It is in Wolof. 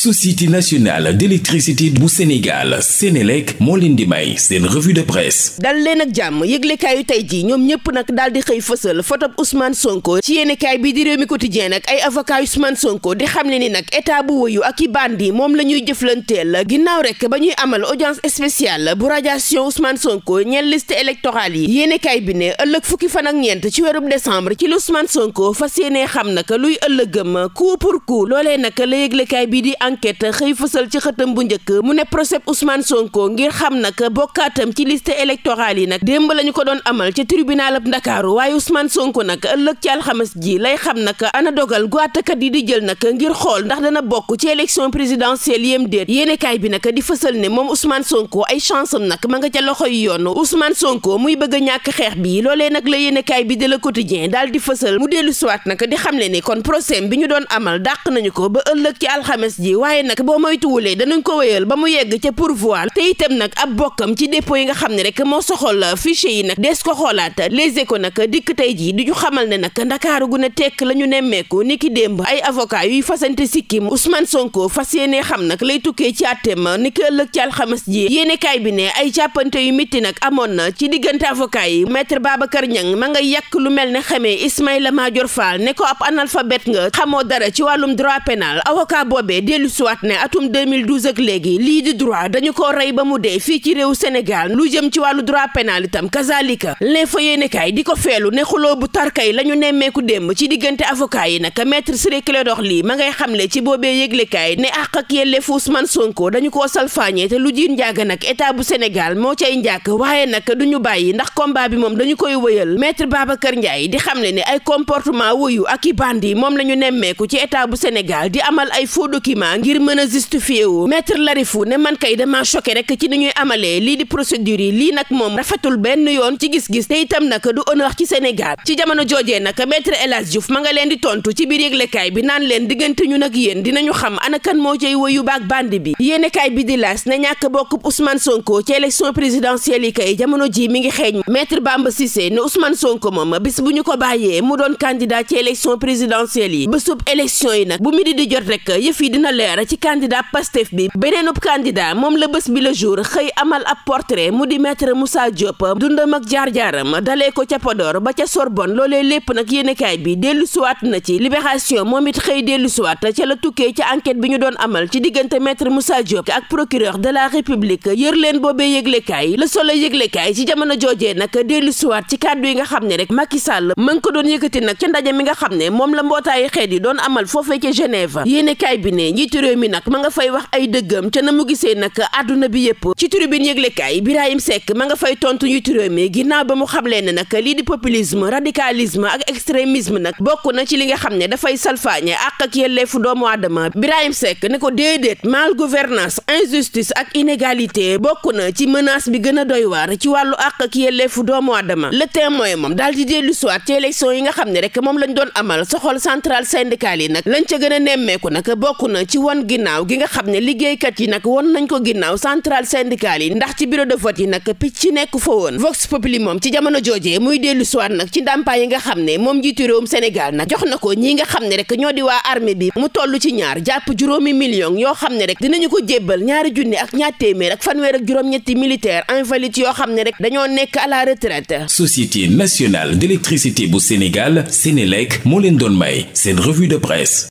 société nationale d'électricité bu Sénégal Sénélec moo leen di may seen revue de presse dal leen ak jàmm yëglekaayu tey ji ñoom ñëpp nag daal xëy fësal fotob Ousmane Sonko ci yéenekaay bi di Rewmi Quotidien nag ay avocat Ousmane Sonko di xam ne ni nag état bu woyu ak i bandi moom la ñuy jëflanteel ginnaaw rek ba ñuy amal audience spéciale bu radiation Ousmane Sonko ñeel liste électorale yi yéenekaay bi ne ëllëg fukki fan ak ñeent ci weerub décembre ci lu Ousmane Sonko fas yéenee xam nag luy ëllëgëm coup la yëglekaay enquête xëy fësal yi nag démb ko doon amal ca tribunal ab Ndakaaru waaye Ousmane Sonko nag ëllëg ci alxames ji lay xam nag ana dogal gu àttekat yi di jël nag ngir xool ndax dana bokk ci élection présidentielle yem déet yéenekaay bi nag di fësal ne moom Ousmane Sonko ay chance am ma nga ca loxoy yoon Ousmane Sonko muy bëgg a ñàkk xeex bi loolee nag la yéenekaay bi de Le Quotidien daal di fësal mu dellu siwaat nag di xamle ne kon procès bi ñu doon amal dàq nañu ko ba ëllëg ci alxames ji waaye nag boo moytuwulee danañ ko wéyal ba mu yegg ca pourvoi te itam nag ab bokkam ci déppo yi nga xam ne rek moo soxol fichier yi nag des ko xoolaat les ko nag dikk tey jii di ñu xamal ne nag ndakaaru gu ne tekk la ñu nemmeeku ni ki démb ay avocat yuy fasante sikkim Ousmane Sonko fas yéene xam nag lay tukkee ci àtteem ni ki ëllëg ci alxames ji yéenekaay bi ne ay càppante yu mitti nag amoon na ci diggante avocat yi maître Babacar Niang ma nga yàq lu mel ne xamee Ismaïla Madior Fall ne ko ab analphabète nga xamoo dara ci wàllum droit pénal dellu dellusiwaat ne atum 2012 ak léegi lii di droit dañu ko rey ba mu dee fii ci réew Sénégal lu jëm ci wàllu droit pénal itam kazalika les fa yéenekaay di ko feelu ne xuloo bu tarkay yi lañu nemmeeku démb ci diggante avocat yi nag maître Ciré dox lii ma ngay xamle ci boobee yëglekaay ne àq ak yelleefu Ousmane Sonko dañu koo salfaañee te lu jiir njàgg nag état bu Sénégal moo cay njàkk waaye nag duñu bàyyi ndax combat bi moom dañu koy wëyal maître Babacar Ndiaye di xamle ne ay comportement wuyu ak i bandi moom la ñu nemmeeku ci état bu Sénégal di amal ay faux documents ngir mën a justifié wu maître Larifou ne man kay dama choqué rek ci ni ñuy amalee lii di procédure yi lii nag moom rafetul benn yoon ci gis-gis te itam nag du honneur ci Sénégal ci jamono joojee nag maître El Hadj ma nga leen di tontu ci biir yëglekaay bi naan leen diggante ñu nag yéen dinañu xam ana kan moo cay woyu baak bandi bi yéenekaay bi di laas ne ñàkk bokkub Ousmane Sonko ci élection présidentielle yi kay jamono ji mi ngi xeeñ maître Bamba Cissé ne Ousmane Sonko moom bis bu ñu ko bàyyee mu doon candidat ci élection présidentielle yi bésub élection yi nag bu midi di jot rek yëf yi dina leer weer ci candidat pastef bi beneenub candidat moom la bés bi le jour xëy amal ab portrait mu di maître Moussa Diop dundam ak jaar-jaaram dalee ko ca Podor ba ca Sorbonne loolee lépp nag yéenekaay bi dellu suwaat na ci libération moom it xëy dellu suwaat ca la tukkee ca enquête bi ñu doon amal ci diggante maître Moussa Diop ak procureur de la république yër leen boobee yëglekaay Le Soleil yëglekaay ci jamono joojee nag dellu suwaat ci kàddu yi nga xam ne rek Macky Sall ko doon yëkkati nag ca mi nga xam ne moom la mbootaayu njiitu réew nga fay wax ay dëggam ca na gisee nag àdduna bi yépp ci tribune yëglekaay Birahim ma nga fay tontu njiitu réew mi ginnaaw ba mu xamlee ne nag lii di populisme radicalisme ak extrémisme nag bokk na ci li nga xam ne dafay salfaañe àq ak yelleefu doomu aadama Birahim Seck ne ko déedéet mal gouvernance injustice ak inégalité bokk na ci menace bi gën a doy waar ci wàllu àq ak yelleefu doomu aadama le témoin moom daal di dellu siwaat ci élection yi nga xam ne rek moom lañ doon amal soxol central syndical yi nag lañ ca gën a nemmeeku nag bokk na ci wan ginnaaw gi nga xam ne liggéeykat yi nag wan nañ ko ginnaaw central syndical yi ndax ci bureau de vote yi nag picc nekku fa woon vox li moom ci jamono joojee muy dellu siwaat nag ci ndàmpaay yi nga xam ne moom njiitu réewum Sénégal nag jox na ko ñi nga xam ne rek ñoo di waa armée bi mu toll ci ñaar jàpp juróomi million yoo xam ne rek dinañu ko jébbal ñaari junni ak ñaar téeméer ak fanweer ak juróom-ñetti militaire invalides yoo xam ne rek dañoo nekk à la retraite société nationale d'électricité bu Sénégal Sénélec moo leen doon may seen revue de presse